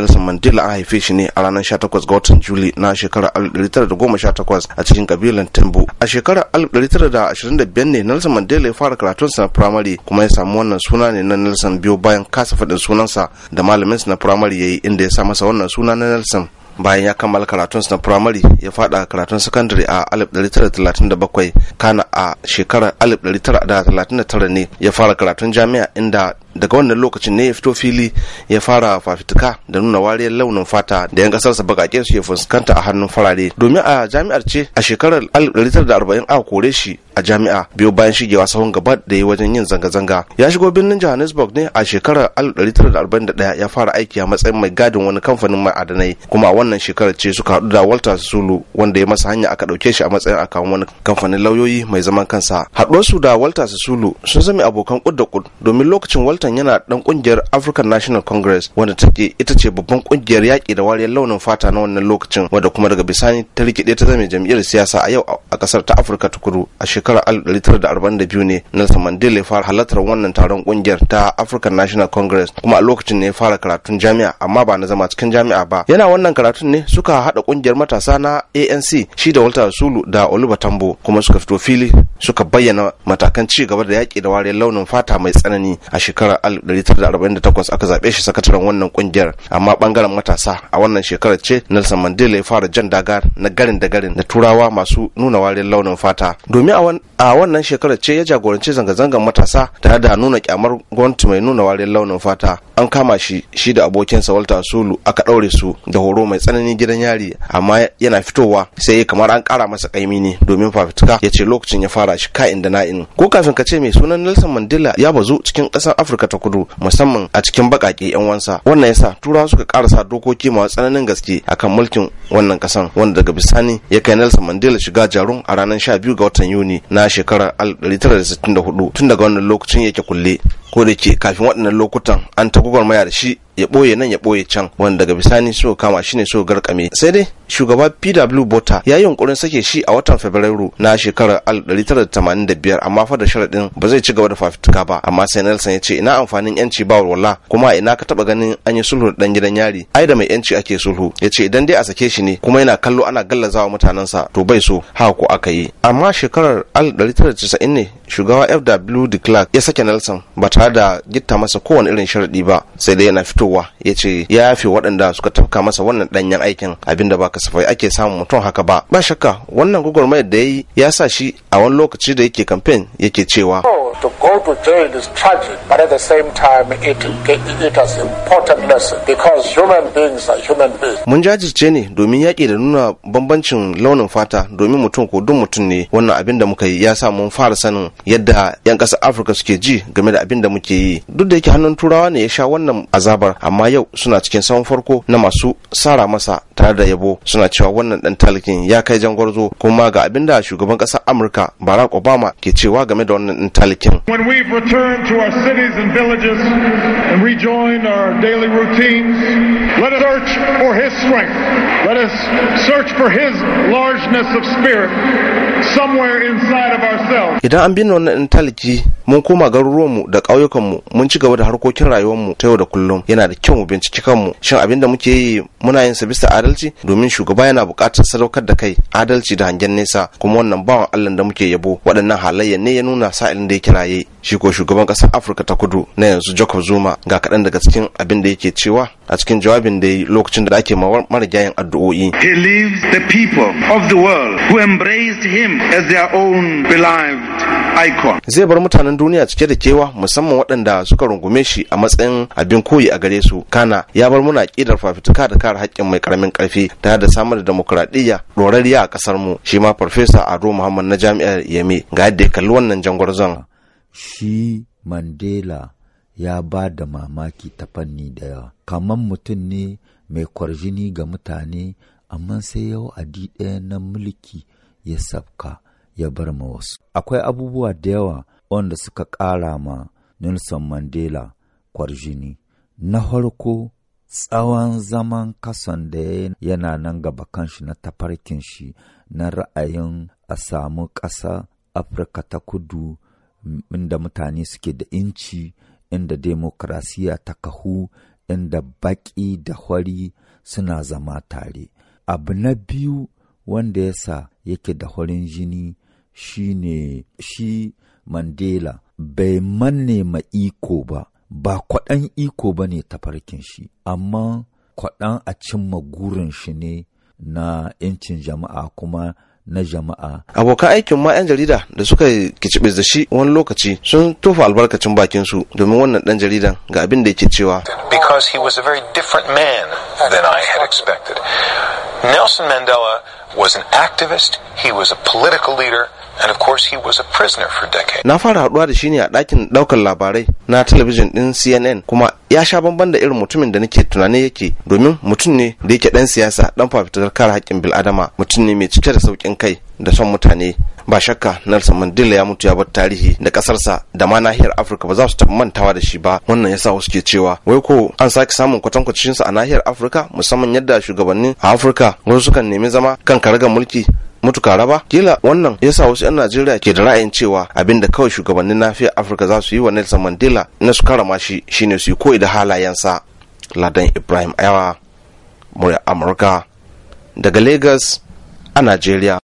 Nelson Mandela a haife shi ne a ranar 18 ga watan Juli na shekarar 1918 a cikin kabilan Tembu. A shekarar 1925 ne Nelson Mandela ya fara karatunsa na firamare kuma ya samu wannan suna ne na Nelson biyo bayan kasa faɗin sunansa da malaminsa na firamare ya yi inda ya sa masa wannan suna na Nelson. bayan ya kammala karatun na firamare ya fada karatun sakandare a 1937 kana a shekarar 1939 ne ya fara karatun jami'a inda daga wannan lokacin ne ya fito fili ya fara fafituka da nuna wariyar launin fata da yan kasarsa bakake su ya fuskanta a hannun farare domin a jami'ar ce a shekarar 1940 a kore shi a jami'a biyu bayan shigewa sahun gaba da ya wajen yin zanga-zanga ya shigo birnin johannesburg ne a shekarar 1941 ya fara aiki a matsayin mai gadin wani kamfanin ma'adanai kuma a wannan shekarar ce suka haɗu da walter sulu wanda ya masa hanya aka ɗauke shi a matsayin akawun wani kamfanin lauyoyi mai zaman kansa haɗuwarsu da walter sulu sun zama abokan kud da kud domin lokacin walter sultan yana dan kungiyar african national congress wanda take ita ce babban kungiyar yaƙi da wariyar launin fata na wannan lokacin wadda kuma daga bisani ta rikide ta zame jam'iyyar siyasa a yau a kasar ta afirka ta kudu a shekarar 1942 ne nelson mandela ya fara halartar wannan taron kungiyar ta african national congress kuma a lokacin ne ya fara karatun jami'a amma ba na zama cikin jami'a ba yana wannan karatun ne suka haɗa kungiyar matasa na anc shi da walter sulu da oluba tambo kuma suka fito fili suka bayyana matakan ci gaba da yaƙi da wariyar launin fata mai tsanani a shekarar shekarar 1948 aka zaɓe shi sakataren wannan kungiyar amma bangaren matasa a wannan shekarar ce Nelson Mandela ya fara jan daga na garin da garin da turawa masu nuna wariyar launin fata domin a wannan shekarar ce ya jagoranci zanga-zangar matasa tare da nuna kyamar gwamnati mai nuna wariyar launin fata an kama shi shi da abokinsa Walter Sulu aka ɗaure su da horo mai tsananin gidan yari amma yana fitowa sai ya kamar an kara masa kaimi ne domin fafituka ya ce lokacin ya fara shi ka'in da na'in ko kafin ka ce mai sunan Nelson Mandela ya bazu cikin ƙasar Afirka afirka ta kudu musamman a cikin bakake yan wansa wannan yasa turawa suka karasa dokoki masu tsananin gaske akan mulkin wannan kasan wanda daga bisani ya kai nelson mandela shiga jarum a ranar 12 ga watan yuni na shekarar 1964 tun daga wannan lokacin yake kulle ko da ke kafin waɗannan lokutan an ta gwagwarmaya da shi ya ɓoye nan ya ɓoye can wanda daga bisani so kama shi ne so garkame sai dai shugaba pw bota ya yi yunkurin sake shi a watan fabrairu na shekarar 1985 amma fa da sharaɗin ba zai ci gaba da fafutuka ba amma sai nelson ya ce ina amfanin yanci ba walwala kuma ina ka taba ganin an yi sulhu dan gidan yari ai da mai yanci ake sulhu ya ce idan dai a sake shi ne kuma yana kallo ana gallazawa mutanensa to bai so haka aka yi amma shekarar 1990 ne shugaba fw de clark ya sake nelson ba tare da gitta masa kowane irin sharaɗi ba sai dai yana fitowa ya ce ya yafe waɗanda suka tafka masa wannan ɗanyen aikin abin da ba kasafai ake samun mutum haka ba ba shakka wannan gwagwarmayar da ya yi ya sa shi a wani lokaci da yake kamfen yake cewa to go to jail is tragic, but at the same time, it, it has important lesson because human beings are human beings. Mun jajirce ne domin yaƙi da nuna bambancin launin fata domin mutum ko duk mutum ne wannan abin da muka yi ya sa mun fara sanin yadda 'yan ƙasa Afirka suke ji game da abin da muke yi. Duk da yake hannun turawa ne ya sha wannan azabar amma yau suna cikin sahun farko na masu sara masa tare da yabo suna cewa wannan dan talikin ya kai jangwarzo kuma ga abin da shugaban ƙasar Amurka Barack Obama ke cewa game da wannan dan talikin When we've returned to our cities and villages and rejoined our daily routines, let us search for His strength. Let us search for His largeness of spirit somewhere inside of ourselves. mun koma garuruwanmu da ƙauyukanmu mun ci gaba da harkokin rayuwarmu ta yau da kullum yana da kyau mu binciki kanmu shin abin da muke yi muna yin sa adalci domin shugaba yana buƙatar sadaukar da kai adalci da hangen nesa kuma wannan bawan Allah da muke yabo waɗannan halayya ne ya nuna sa'ilin da yake raye shi ko shugaban ƙasar Afirka ta Kudu na yanzu Jacob Zuma ga kaɗan daga cikin abin da yake cewa a cikin jawabin da yi lokacin da ake marigayen addu'o'i. He leaves the people of the world who embraced him as their own beloved icon. Zai bar mutanen duniya cike da kewa musamman waɗanda suka rungume shi a matsayin abin koyi a gare su kana ya bar muna ƙidar fafutuka da kare haƙƙin mai ƙaramin ƙarfi tare da samar da demokuraɗiyya ɗorariya a ƙasar mu shi ma farfesa ado muhammad na jami'ar yame ga yadda ya kalli wannan jangwarzon. shi mandela ya ba da mamaki ta fanni da yawa kamar mutum ne mai kwarjini ga mutane amma sai yau adi ɗaya na mulki ya sabka ya bar ma wasu akwai abubuwa da yawa wanda suka ƙara ma Nelson Mandela kwarjini. Na farko tsawon zaman kason da yana nan gaba kanshi na tafarkin shi na ra'ayin a samu ƙasa Afirka ta kudu inda mutane suke da inci inda demokrasiya ta kahu inda baƙi da hwari suna zama tare. Abu na biyu wanda ya sa yake da horin jini ne shi Mandela bai manne ma iko ba, ba kwaɗan iko ba ne tafarkin shi, amma kwaɗan a cimma gurin shi ne na 'yancin jama'a kuma na jama'a. Abokan aikin ma 'yan jarida da suka kicibis da shi wani lokaci sun tofa albarkacin bakin su domin wannan ɗan jaridan ga abin da yake cewa. Because he was a very different man than I had expected. Nelson Mandela was an activist, he was a political leader, and of course he was a prisoner for decades. Na fara haɗuwa da shi ne a ɗakin ɗaukar labarai na talabijin ɗin CNN kuma ya sha bamban da irin mutumin da nake tunani yake domin mutum ne da yake ɗan siyasa ɗan fafitar kare haƙƙin bil'adama mutum ne mai cike da sauƙin kai da son mutane ba shakka Nelson Mandela ya mutu ya bar tarihi da kasarsa da ma nahiyar Afirka ba za su taɓa mantawa da shi ba wannan yasa wasu ke cewa wai ko an sake samun kwatankwacin sa a nahiyar Afirka musamman yadda shugabannin a Afirka wasu sukan nemi zama kan karagar mulki mutuka raba kila wannan yasa wasu 'yan najeriya ke da ra'ayin cewa abinda kawai shugabannin nafiyar afirka za su yi wa nelson mandela na su karama shi shine su yi koyi da halayensa ladan ibrahim ayawa murya amurka daga lagos a najeriya